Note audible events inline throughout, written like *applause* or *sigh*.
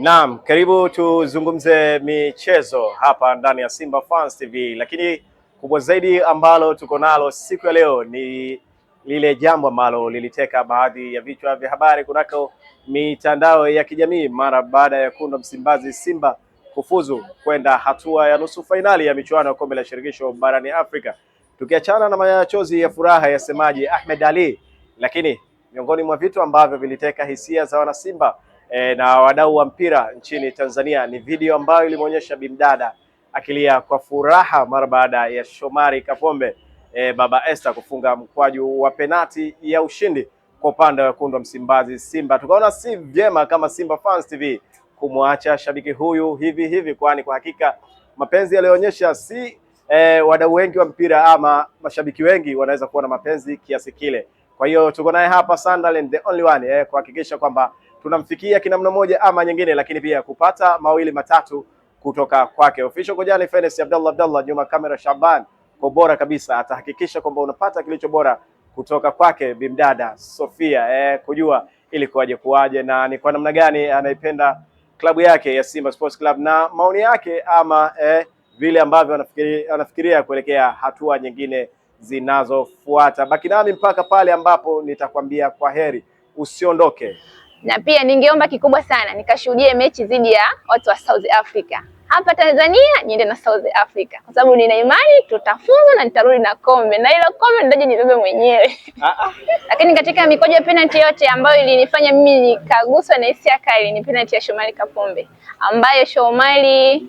Naam, karibu tuzungumze michezo hapa ndani ya Simba Fans TV, lakini kubwa zaidi ambalo tuko nalo siku ya leo ni lile jambo ambalo liliteka baadhi ya vichwa vya habari kunako mitandao ya kijamii mara baada ya kundwa Msimbazi Simba kufuzu kwenda hatua ya nusu fainali ya michuano ya kombe la shirikisho barani Afrika. Tukiachana na machozi ya furaha ya semaji Ahmed Ally, lakini miongoni mwa vitu ambavyo viliteka hisia za wanasimba e, na wadau wa mpira nchini Tanzania. Ni video ambayo ilimuonyesha bimdada akilia kwa furaha mara baada ya Shomari Kapombe e, baba Esther kufunga mkwaju wa penati ya ushindi kwa upande wa wekundu wa Msimbazi Simba. Tukaona si vyema kama Simba Fans TV kumwacha shabiki huyu hivi hivi, kwani kwa hakika mapenzi yaliyoonyesha si e, wadau wengi wa mpira ama mashabiki wengi wanaweza kuwa na mapenzi kiasi kile. Kwa hiyo tuko naye hapa Sunderland the only one eh, kuhakikisha kwamba tunamfikia kinamna moja ama nyingine, lakini pia kupata mawili matatu kutoka kwake. Official Kojani Fitness, Abdallah Abdallah, nyuma kamera Shaban, kwa bora kabisa atahakikisha kwamba unapata kilicho bora kutoka kwake bimdada Sofia eh, kujua ili kuwaje kuwaje na ni kwa namna gani anaipenda klabu yake ya Simba Sports Club na maoni yake ama eh, vile ambavyo anafikiria, anafikiria kuelekea hatua nyingine zinazofuata. Baki nami mpaka pale ambapo nitakwambia kwa heri, usiondoke na pia ningeomba kikubwa sana nikashuhudie mechi dhidi ya watu wa South Africa hapa Tanzania, niende na South Africa kwa sababu nina imani tutafuzu na nitarudi na kombe, na ilo kombe ndaje nibebe mwenyewe ah, ah. lakini katika mikoja ya penalty yote ambayo ilinifanya mimi nikaguswa na hisia kali ni penalty ya Shomari Kapombe, ambayo Shomari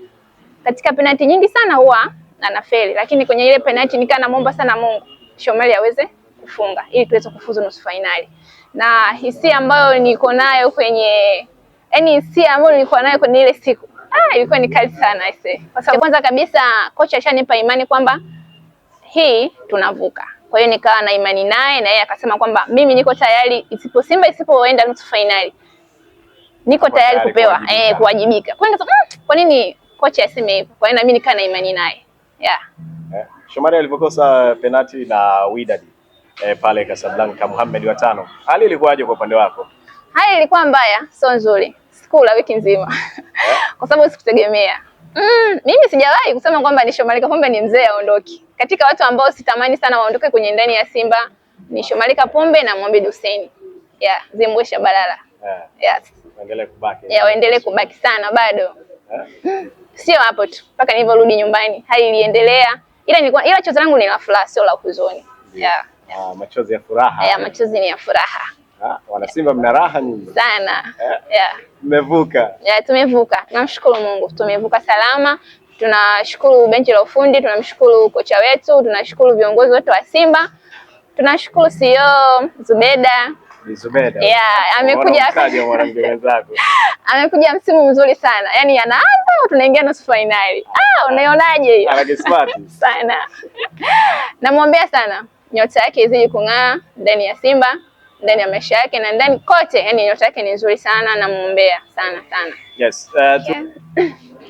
katika penalty nyingi sana huwa anafeli, lakini kwenye ile penalty nikaa namwomba sana Mungu Shomari aweze kufunga ili tuweze kufuzu nusu fainali na hisia ambayo niko nayo kwenye yani, hisia ambayo nilikuwa nayo kwenye ile siku ah, ilikuwa ni kali sana ise. Kwa sababu kwanza kabisa kocha ashanipa imani kwamba hii tunavuka, kwa hiyo nikawa na imani naye, na yeye akasema kwamba mimi niko tayari, isipo Simba isipoenda nusu fainali niko tayari kupewa eh, kuwajibika. Kwa nini ah, kwa nini kocha aseme hivyo? Kwa hiyo na mimi nikaa na imani naye yeah. Eh, Shomari alipokosa penati na Wydad eh, pale Casablanca Mohamed wa tano. Hali ilikuwaje kwa upande wako? Hali ilikuwa mbaya, sio nzuri. Sikula wiki nzima. Yeah. *laughs* Kwa sababu sikutegemea. Mm, mimi sijawahi kusema kwamba ni Shomarika Pombe ni mzee aondoke. Katika watu ambao sitamani sana waondoke kwenye ndani ya Simba ni Shomarika Pombe na Mohamed Hussein. Yeah, Zimwesha Balala. Yeah. Yes. Waendelee kubaki. Yeah, waendelee kubaki sana bado. Yeah. *laughs* Sio hapo tu, mpaka nilivyorudi nyumbani hali iliendelea, ila nilikuwa ila chozo langu ni la furaha, sio la huzuni. Yeah. Ah, machozi ya furaha. Yeah, machozi ni ya furaha. Ah, Simba mna raha nyingi sana. Yeah. Mmevuka. Yeah, tumevuka. Namshukuru Mungu tumevuka salama. Tunashukuru benchi la ufundi, tunamshukuru kocha wetu, tunashukuru viongozi wote wa Simba, tunashukuru CEO Zubeda Zubeda. Yeah, amekuja *laughs* amekuja msimu mzuri sana yaani, anaanza tunaingia nusu finali. Ah, unaionaje hiyo? *laughs* Sana namwombea sana nyota yake izidi kung'aa ndani ya Simba, ndani ya maisha yake na ndani kote, yani nyota yake ni nzuri sana, namuombea sana sana. Yes, uh, yeah. *laughs*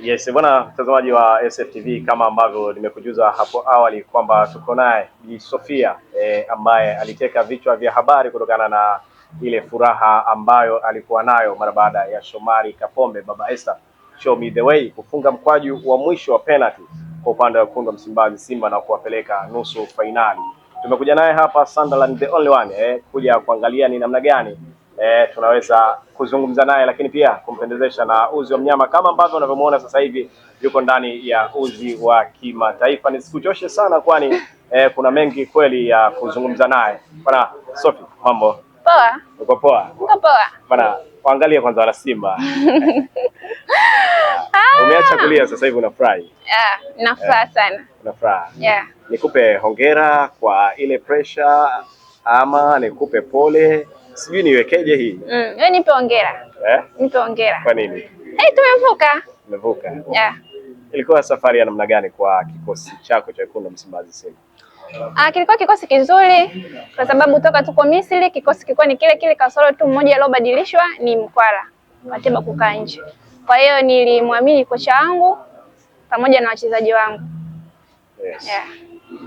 Yes, bwana mtazamaji wa SFTV, kama ambavyo nimekujuza hapo awali kwamba tuko naye Bi Sofia eh, ambaye aliteka vichwa vya habari kutokana na ile furaha ambayo alikuwa nayo mara baada ya Shomari Kapombe baba Esther show me the way kufunga mkwaju wa mwisho wa penalty kwa upande wa kundi wa Msimbazi Simba na kuwapeleka nusu fainali tumekuja naye hapa Sunderland the only one eh, kuja kuangalia ni namna gani eh, tunaweza kuzungumza naye, lakini pia kumpendezesha na uzi wa mnyama kama ambavyo unavyomuona sasa hivi yuko ndani ya uzi wa kimataifa. Nisikuchoshe sana, kwani eh, kuna mengi kweli ya kuzungumza naye bwana Sophie. Mambo poa? Uko poa? Uko poa bwana, waangalie kwanza wana Simba *laughs* Ah. Umeacha kulia sasa hivi unafurahi? Yeah, nafurahi yeah, sana. Unafurahi. Yeah. Nikupe hongera kwa ile pressure ama nikupe pole? Sijui niwekeje hii. Mm, wewe nipe hongera. Eh? Nipe hongera. Kwa nini? Eh, tumevuka. Tumevuka. Yeah. Ilikuwa safari ya namna gani kwa kikosi chako cha Wekundu Msimbazi Simba? Ah, kilikuwa kikosi kizuri kwa sababu toka tuko Misri kikosi kilikuwa ni kile kile, kasoro tu mmoja aliyobadilishwa ni mkwala Ateba kukaa nje. Kwa hiyo nilimwamini kocha wangu pamoja na wachezaji wangu. Yes. Yeah.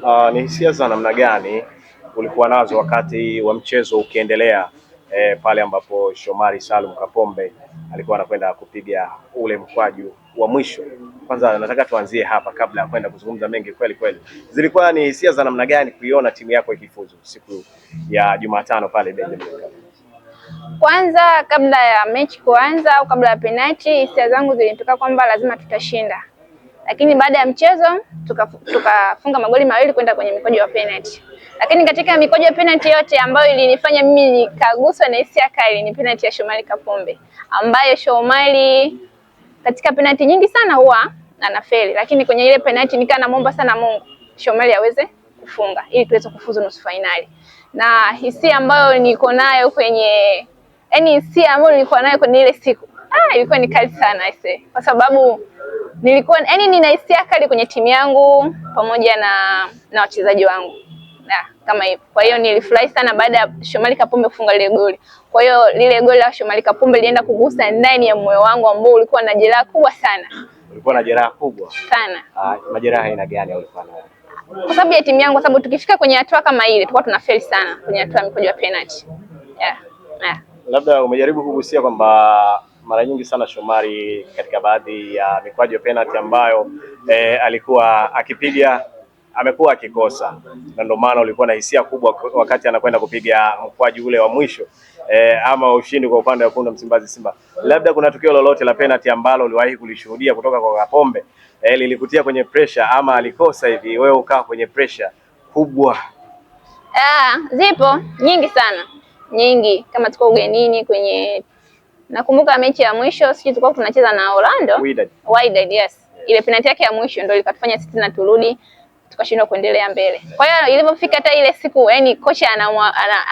Uh, ni hisia za namna gani ulikuwa nazo wakati wa mchezo ukiendelea, eh, pale ambapo Shomari Salum Kapombe alikuwa anakwenda kupiga ule mkwaju wa mwisho? Kwanza nataka tuanzie hapa kabla ya kwenda kuzungumza mengi kweli kweli, zilikuwa ni hisia za namna gani kuiona timu yako ikifuzu siku ya Jumatano pale Benjamin Mkapa? Kwanza, kabla ya mechi kuanza au kabla ya penati, hisia zangu zilinipeleka kwamba lazima tutashinda, lakini baada ya mchezo tukafunga tuka magoli mawili kwenda kwenye mikojo ya penati. Lakini katika mikojo ya penati yote ambayo ilinifanya mimi nikaguswa na hisia kali ni penati ya Shomari Kapombe, ambayo Shomari katika penati nyingi sana huwa anafeli, lakini kwenye ile penati nikaa namwomba sana Mungu Shomari aweze kufunga ili tuweze kufuzu nusu fainali, na hisia ambayo niko nayo kwenye yani hisia ambayo nilikuwa nayo kwenye ile siku ah, ilikuwa ni kali sana ise, kwa sababu nilikuwa yani nina hisia kali kwenye timu yangu pamoja na na wachezaji wangu na kama hivyo. Kwa hiyo nilifurahi sana baada ya Shomari Kapombe kufunga lile goli. Kwa hiyo lile goli la Shomari Kapombe lienda kugusa ndani ya moyo wangu ambao ulikuwa na jeraha kubwa sana. Ulikuwa na jeraha kubwa sana. Ah, majeraha aina gani au ulikuwa nayo? Kwa sababu ya timu yangu, kwa sababu tukifika kwenye hatua kama ile tulikuwa tunafeli sana kwenye hatua ya mikwaju ya penalty. Yeah. Yeah. Labda umejaribu kugusia kwamba mara nyingi sana Shomari katika baadhi ya mikwaju ya penalti ambayo e, alikuwa akipiga amekuwa akikosa, na ndio maana ulikuwa na hisia kubwa wakati anakwenda kupiga mkwaju ule wa mwisho e, ama ushindi kwa upande wa kundi Msimbazi Simba. Labda kuna tukio lolote la penalti ambalo uliwahi kulishuhudia kutoka kwa Kapombe e, lilikutia kwenye pressure ama alikosa hivi wewe ukawa kwenye pressure kubwa? Ah, zipo nyingi sana nyingi kama tuko ugenini kwenye nakumbuka mechi ya mwisho sisi tulikuwa tunacheza na Orlando Wydad. Wydad, yes. Ile penalty yake ya mwisho ndio ikatufanya sisi na turudi tukashindwa kuendelea mbele. Kwa hiyo ilipofika hata ile siku yani kocha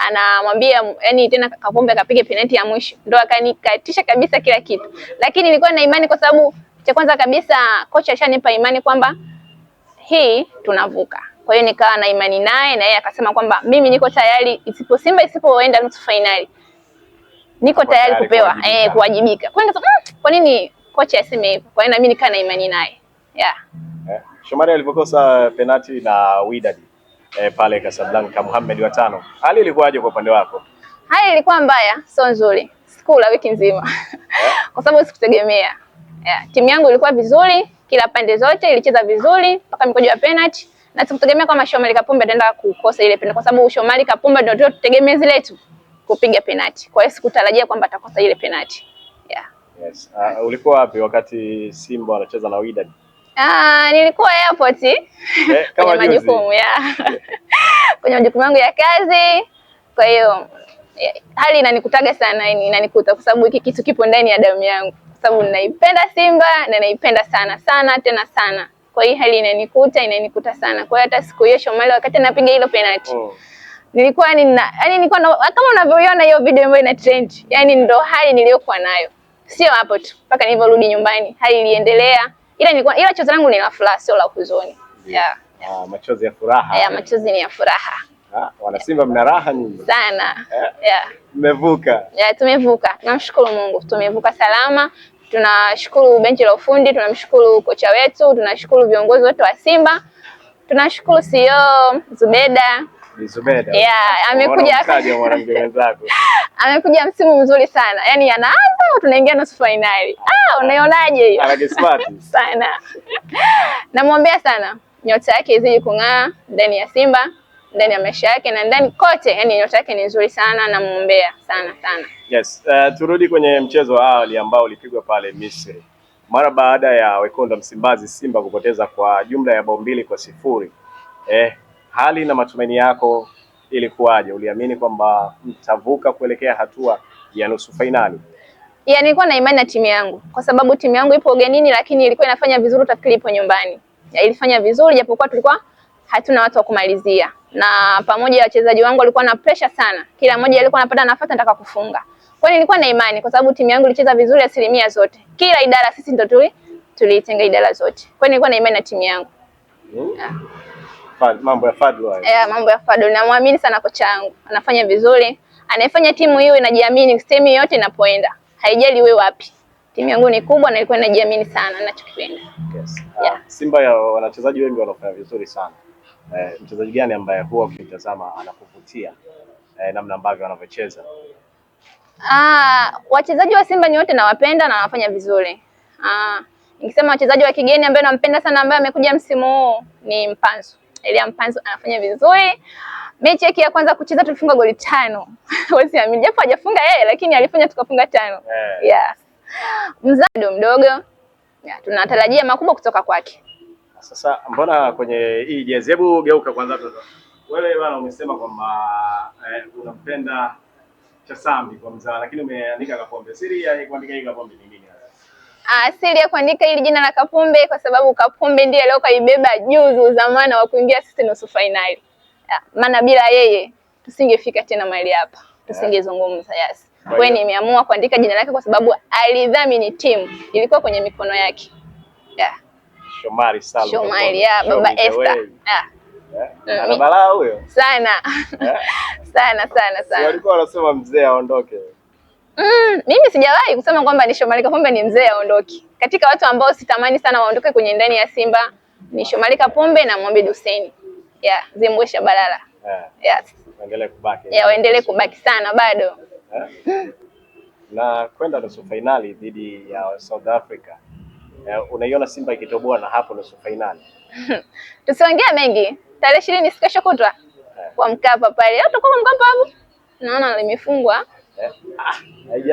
anamwambia yani tena Kapombe akapige penalty ya mwisho ndio akanikatisha kabisa kila kitu. Lakini nilikuwa na imani kwa sababu cha kwanza kabisa kocha ashanipa imani kwamba hii tunavuka. Kwa hiyo nikawa na imani naye na yeye akasema kwamba mimi niko tayari, isipo Simba isipoenda nusu fainali niko tayari kupewa eh, kuwajibika. Kwa nini hmm, kwa nini kocha aseme hivyo? Kwa nini mimi nikaa na imani naye yeah. Eh, Shomari alivyokosa penati na Wydad eh, pale Casablanca Mohamed wa tano, hali ilikuwaje kwa upande wako? Hali ilikuwa mbaya, sio nzuri, sikula wiki nzima eh? *laughs* kwa sababu sikutegemea yeah. Timu yangu ilikuwa vizuri kila pande zote, ilicheza vizuri mpaka mikojo ya penati na tumtegemea kwamba Shomari Kapombe ataenda kukosa ile penalti, kwa sababu Shomari Kapombe ndio tutegemea zile tu kupiga penalti. Kwa hiyo sikutarajia kwamba atakosa ile penalti yeah. Yes. Uh, ulikuwa wapi wakati Simba wanacheza na Wydad? Ah, nilikuwa airport eh, kama *laughs* majukumu ya *laughs* kwenye majukumu yangu ya kazi, kwa hiyo eh, hali inanikutaga sana, inanikuta kwa sababu hiki kitu kipo ndani ya damu yangu, kwa sababu ninaipenda Simba na ninaipenda sana sana tena sana kwa hiyo hali inanikuta inanikuta sana. Kwa hiyo hata siku hiyo Shomali wakati anapiga hilo penalty oh. Nilikuwa nina yani nilikuwa na, kama unavyoiona hiyo video ambayo ina trend. yani ndo hali niliyokuwa nayo. Sio hapo tu mpaka nilivyorudi nyumbani hali iliendelea, ila nilikuwa ila chozi langu ni la furaha, sio la huzuni. Yeah. Yeah. Ah, machozi ya furaha. Yeah, machozi ni ya furaha. Ah, wana Simba mna raha nyingi sana. Yeah. Yeah. Mmevuka. Yeah, tumevuka. Namshukuru Mungu tumevuka salama. Tunashukuru benchi la ufundi, tunamshukuru kocha wetu, tunashukuru viongozi wetu wa Simba, tunashukuru CEO Zubeda Zubeda. Yeah, amekuja *laughs* amekuja msimu mzuri sana yani anaanza tunaingia nusu fainali. Ah, unaionaje hiyo? *laughs* sana namwombea sana nyota yake izidi kung'aa ndani ya Simba ndani ya maisha yake na ndani kote, yani nyota yake ni nzuri sana, namuombea sana sana. Yes. Uh, turudi kwenye mchezo wa awali ambao ulipigwa pale Misri mara baada ya wekundu Msimbazi Simba kupoteza kwa jumla ya bao mbili kwa sifuri. Eh, hali na matumaini yako ilikuwaje? Uliamini kwamba mtavuka kuelekea hatua ya nusu fainali? Ya, nilikuwa na imani na timu yangu kwa sababu timu yangu ipo ugenini, lakini ilikuwa inafanya vizuri, utafikiri ipo nyumbani. Ya, ilifanya vizuri japokuwa tulikuwa hatuna watu wa kumalizia, na pamoja na wachezaji wangu walikuwa na pressure sana, kila mmoja alikuwa anapata nafasi anataka kufunga. Kwa hiyo nilikuwa na imani kwa sababu timu yangu ilicheza vizuri asilimia zote, kila idara sisi ndio tuli tuliitenga idara zote. Kwa hiyo nilikuwa na imani na timu yangu mm. yeah. mambo ya Fadlu haya. Yeah, mambo ya Fadlu namwamini sana kocha wangu. anafanya vizuri, anaifanya timu hiyo inajiamini sehemu yote inapoenda, haijali wewe wapi timu yangu ni kubwa na ilikuwa inajiamini sana ninachokipenda. Yes. Yeah. Simba ya wanachezaji wengi wanafanya vizuri sana eh, mchezaji gani ambaye huwa ukimtazama anakuvutia eh, namna ambavyo anavyocheza? Ah, wachezaji wa Simba ni wote nawapenda na wanafanya vizuri. Ah, nikisema wachezaji wa kigeni ambaye nampenda sana ambaye amekuja msimu huu ni Mpanzu. Elia Mpanzu anafanya vizuri. Mechi yake ya kwanza kucheza tulifunga goli tano. Huwezi *laughs* amini. Japo hajafunga yeye lakini alifanya tukafunga tano. Yeah. yeah. Mzado mdogo. Yeah, tunatarajia makubwa kutoka kwake. Sasa mbona kwenye hii jezi, hebu geuka kwanza tu. Wewe bwana umesema kwamba eh, unampenda Chasambi kwa mzaa, lakini umeandika Kapombe. Siri ya kuandika hii Kapombe ni nini? Ah, siri ya kuandika hili jina la Kapombe kwa sababu Kapombe ndiye leo kaibeba juzu uzamana wa kuingia sisi nusu fainali, ah, maana bila yeye tusingefika tena mahali hapa, tusingezungumza yes. Kwa hiyo nimeamua kuandika jina lake kwa sababu alidhamini timu, ilikuwa kwenye mikono yake yeah. Shomari Salum. Shomari, ya baba Esther. Eh, mm-hmm. Anabalaa huyo. Sana. Eh? *laughs* Sana sana sana. Walikuwa wanasema mzee aondoke. Mm, mimi sijawahi kusema kwamba ni Shomari Kapombe ni mzee aondoke. Katika watu ambao sitamani sana waondoke kwenye ndani ya Simba ni Shomari Kapombe na Mwambi Duseni. Yeah, Zimwesha Balala. Yeah. Yes. Waendelee kubaki. Yeah, waendelee kubaki sana bado. Yeah. Na kwenda nusu finali dhidi ya South Africa. Eh, unaiona Simba ikitoboa na hapo nusu fainali. *laughs* Tusiongea mengi, tarehe ishirini siku kesho kutwa eh. kwa Mkapa pale, tutakuwa Mkapa hapo, naona limefungwa eh. ah,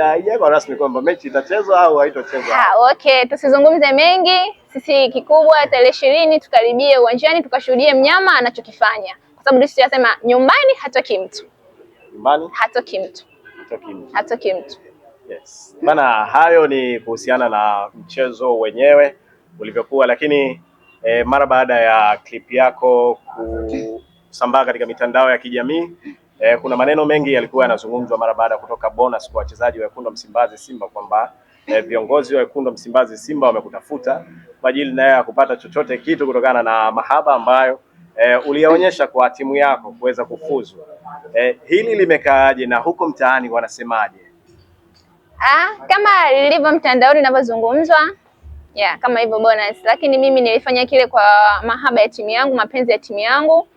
haijawekwa rasmi kwamba mechi itachezwa au haitochezwa. Ah, okay, tusizungumze mengi. Sisi kikubwa tarehe ishirini tukaribie uwanjani tukashuhudie mnyama anachokifanya, kwa sababu sisi tunasema nyumbani hatoki mtu, nyumbani hatoki mtu, hatoki mtu, hatoki mtu. Yes. Bana, hayo ni kuhusiana na mchezo wenyewe ulivyokuwa, lakini eh, mara baada ya clip yako kusambaa katika mitandao ya kijamii eh, kuna maneno mengi yalikuwa yanazungumzwa mara baada ya kutoka bonus kwa wachezaji wa Wekundu wa Msimbazi Simba kwamba eh, viongozi wa Wekundu wa Msimbazi Simba wamekutafuta kwa ajili naye ya kupata chochote kitu kutokana na mahaba ambayo eh, uliyaonyesha kwa timu yako kuweza kufuzu. Eh, hili limekaaje na huko mtaani wanasemaje? Ah, kama lilivyo mtandaoni inavyozungumzwa yeah, kama hivyo bonus, lakini mimi nilifanya kile kwa mahaba ya timu yangu, mapenzi ya timu yangu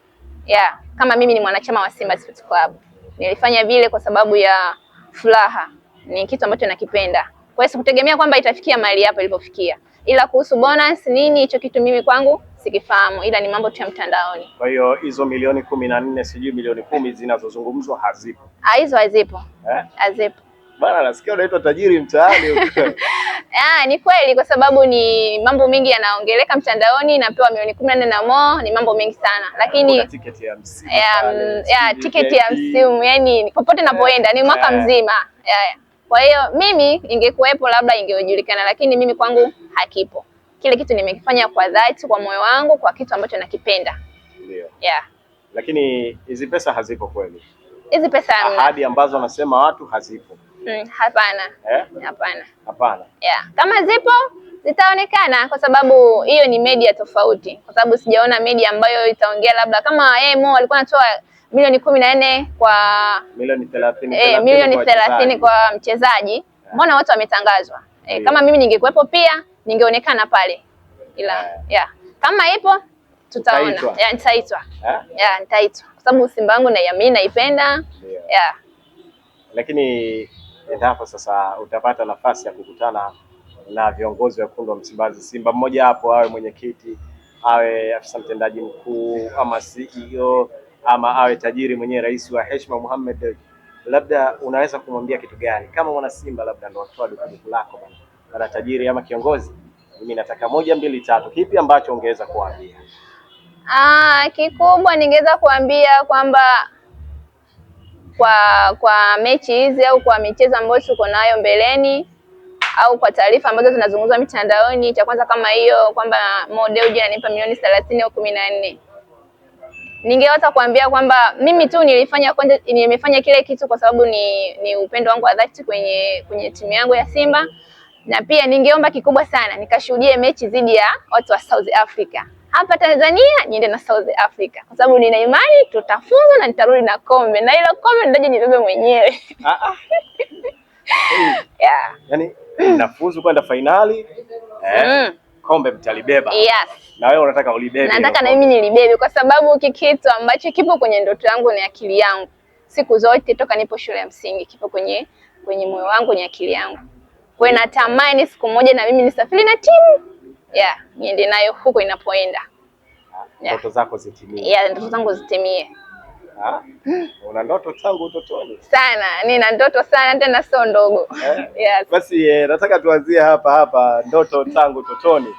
yeah, kama mimi ni mwanachama wa Simba Sports Club nilifanya vile kwa sababu ya furaha, ni kitu ambacho nakipenda. Kwa hiyo sikutegemea kwamba itafikia mahali hapa ilipofikia, ila kuhusu bonus nini, hicho kitu mimi kwangu sikifahamu, ila ni mambo tu ya mtandaoni. Kwa hiyo hizo milioni kumi na nne sijui milioni kumi zinazozungumzwa hazipo, ah, hizo hazipo, eh? hazipo Bana, nasikia unaitwa tajiri mtaani. *laughs* Ah, ni kweli kwa sababu ni mambo mengi yanaongeleka mtandaoni, napewa milioni kumi na nne na mo, ni mambo mengi sana ah, lakini tiketi ya msimu mm, tiketi ya msimu, yani popote eh, napoenda ni mwaka eh. mzima. Kwa hiyo mimi ingekuwepo labda ingejulikana, lakini mimi kwangu hakipo. Kile kitu nimekifanya kwa dhati, kwa moyo wangu, kwa kitu ambacho nakipenda. Ndio. Yeah. Lakini hizi pesa hazipo kweli, hizi pesa, ahadi ambazo wanasema watu hazipo Mm, hapana eh? Hapana, hapana. Yeah. Kama zipo zitaonekana kwa sababu hiyo ni media tofauti, kwa sababu sijaona media ambayo itaongea labda kama yeye eh, Mo alikuwa anatoa milioni kumi na nne kwa milioni thelathini eh, milioni thelathini kwa, kwa mchezaji mbona Watu wametangazwa eh, yeah. Kama mimi ningekuwepo pia ningeonekana pale ila yeah. Yeah. Kama ipo tutaona yeah, nitaitwa yeah? Yeah, nitaitwa kwa sababu Simba yangu naiamini naipenda yeah. Yeah. Lakini endapo sasa utapata nafasi ya kukutana na viongozi wa wekundu wa Msimbazi, Simba mmoja hapo awe mwenyekiti, awe afisa mtendaji mkuu ama CEO ama awe tajiri mwenyewe, rais wa heshima Mohamed, labda unaweza kumwambia kitu gani kama mwana Simba, labda ndo watoa dukuduku lako bana tajiri ama kiongozi, mimi nataka moja mbili tatu, kipi ambacho ungeweza kuambia? Ah, kikubwa ningeweza kuambia kwamba kwa kwa mechi hizi au kwa michezo ambayo tuko nayo mbeleni au kwa taarifa ambazo zinazungumzwa mitandaoni. Cha kwanza kama hiyo kwamba Mo Dewji ananipa milioni thelathini au kumi na nne ningeweza kuambia kwamba mimi tu nilifanya kwanza, nimefanya kile kitu kwa sababu ni, ni upendo wangu wa dhati kwenye kwenye timu yangu ya Simba, na pia ningeomba kikubwa sana nikashuhudie mechi dhidi ya watu wa South Africa hapa Tanzania niende na South Africa kwa sababu nina imani tutafunza na nitarudi na kombe na ile kombe ndaje nibebe mwenyewe. Ah, ah. *laughs* Yeah. Yani nafuzu kwenda finali eh, mm. Kombe mtalibeba. Yes. Na wewe unataka ulibebe. Nataka na mimi nilibebe kwa sababu kikitu ambacho kipo kwenye ndoto yangu na akili yangu siku zote toka nipo shule ya msingi kipo kwenye kwenye moyo wangu, ni akili yangu. Kwa hiyo natamani siku moja na mimi nisafiri na timu yeah, niende nayo huko inapoenda. Ah, ndoto zako zitimie. Yeah, ndoto zangu zitimie. Ha? Hmm. Una ndoto tangu utotoni? Sana, nina ndoto sana tena sio ndogo. Eh? *laughs* Basi Eh, nataka tuanzie hapa hapa ndoto tangu utotoni